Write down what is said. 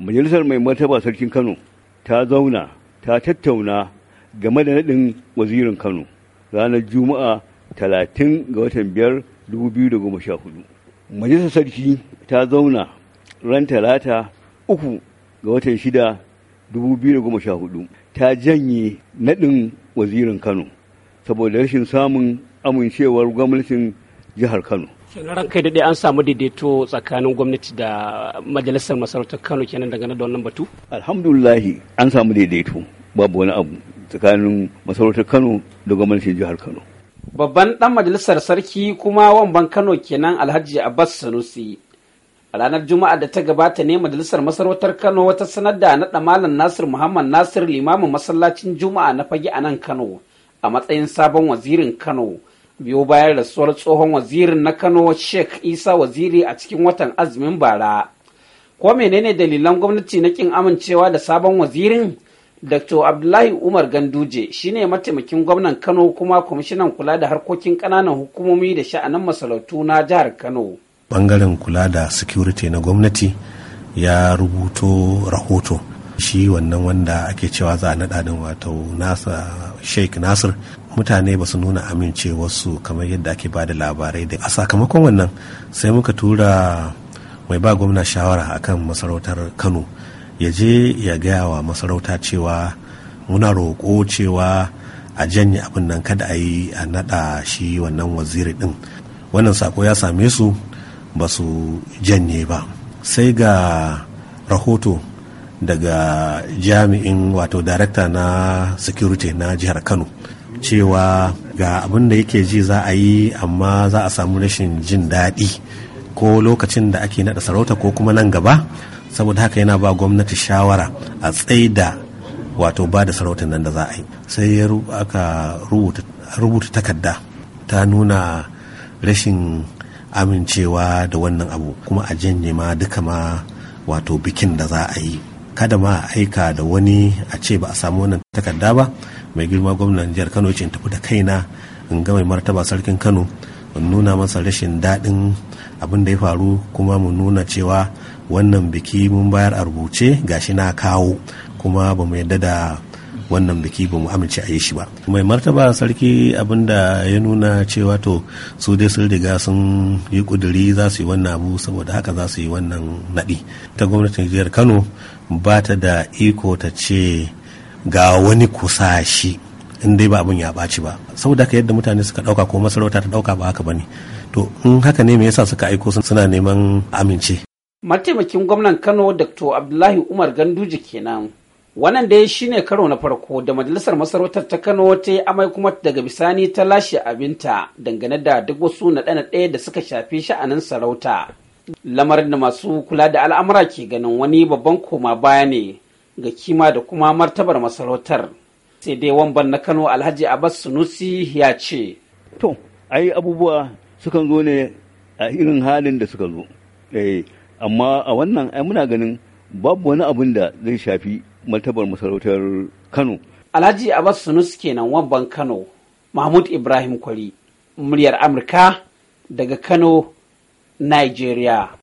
majalisar mai martaba sarkin kano ta zauna ta tattauna game da naɗin wazirin kano ranar juma'a 30 ga watan 5 2014 majalisar sarki ta zauna ran talata 3 ga watan 6 2014 ta janye naɗin wazirin kano saboda rashin samun amincewar gwamnatin jihar Kano. Shekarar kai daɗe an samu daidaito tsakanin gwamnati da majalisar masarautar Kano kenan dangane da wannan batu? Alhamdulillahi an samu daidaito babu wani abu tsakanin masarautar Kano da gwamnatin jihar Kano. Babban ɗan majalisar sarki kuma wamban Kano kenan Alhaji Abbas Sanusi. A ranar Juma'a da ta gabata ne majalisar masarautar Kano wata sanar da naɗa Malam Nasir Muhammad Nasir limamin masallacin Juma'a na fage a nan Kano a matsayin sabon wazirin Kano. biyo bayan rasuwar tsohon wazirin na kano sheikh isa waziri a cikin watan azumin bara ko menene dalilan gwamnati na kin amincewa da sabon wazirin dr abdullahi umar ganduje shine mataimakin gwamnan kano kuma kwamishinan kula da harkokin ƙananan hukumomi da sha'anin masarautu na jihar kano bangaren kula da security na gwamnati ya rubuto rahoto shi wannan wanda ake cewa za a naɗa din wato nasa sheik nasir mutane ba su nuna amincewarsu kamar yadda ake ba da labarai da a sakamakon wannan sai muka tura mai ba gwamna shawara akan masarautar kano ya je ya gaya wa masarauta cewa muna roƙo cewa a janye abin nan kada a yi a naɗa shi wannan waziri ɗin wannan sako ya same su ba su janye ba sai ga rahoto daga jami'in wato darakta na security na jihar kano cewa ga abin da yake ji za a yi amma za a samu rashin jin daɗi ko lokacin da ake naɗa sarauta ko kuma nan gaba saboda haka yana ba gwamnati shawara a tsaida wato ba da sarautar nan da za a yi sai ya aka rubuta takarda ta nuna rashin amincewa da wannan abu kuma a janye ma duka ma wato bikin da za a yi kada ma a aika da wani a ce ba a samu wannan takarda ba mai girma gwamnan jihar kano ce in tafi da kaina in ga mai martaba sarkin kano in nuna masa rashin daɗin abin da ya faru kuma mu nuna cewa wannan biki mun bayar a rubuce gashi na kawo kuma ba mu yadda da wannan biki ba mu amince a yi shi ba mai martaba sarki da ya nuna cewa to su dai sun riga sun yi kuduri za su yi wannan abu saboda haka za su yi wannan naɗi ta gwamnatin jihar kano ba ta da iko ta ce ga wani kusashi. in dai ba abin ya ɓaci ba saboda haka yadda mutane suka ɗauka ko masarauta ta ɗauka ba haka ba ne to in haka ne me yasa suka aiko suna neman amince mataimakin gwamnan kano dr abdullahi umar ganduje kenan wannan dai shine karo na farko da majalisar masarautar ta kano ta yi amai kuma daga bisani ta lashe abinta dangane da duk wasu na ɗana ɗaya da suka shafi sha'anin sarauta lamarin da masu kula da al'amura ke ganin wani babban koma baya ne ga kima da kuma martabar masarautar sai dai wamban na kano alhaji abbas sunusi ya ce to ai abubuwa sukan zo ne a irin halin da suka zo eh, amma a wannan ai muna ganin babu wani abin da zai shafi martabar masarautar Kano. Alhaji Abbas Sunus kenan wabban Kano, Mahmud Ibrahim Kwari, muryar Amurka daga Kano, Nigeria.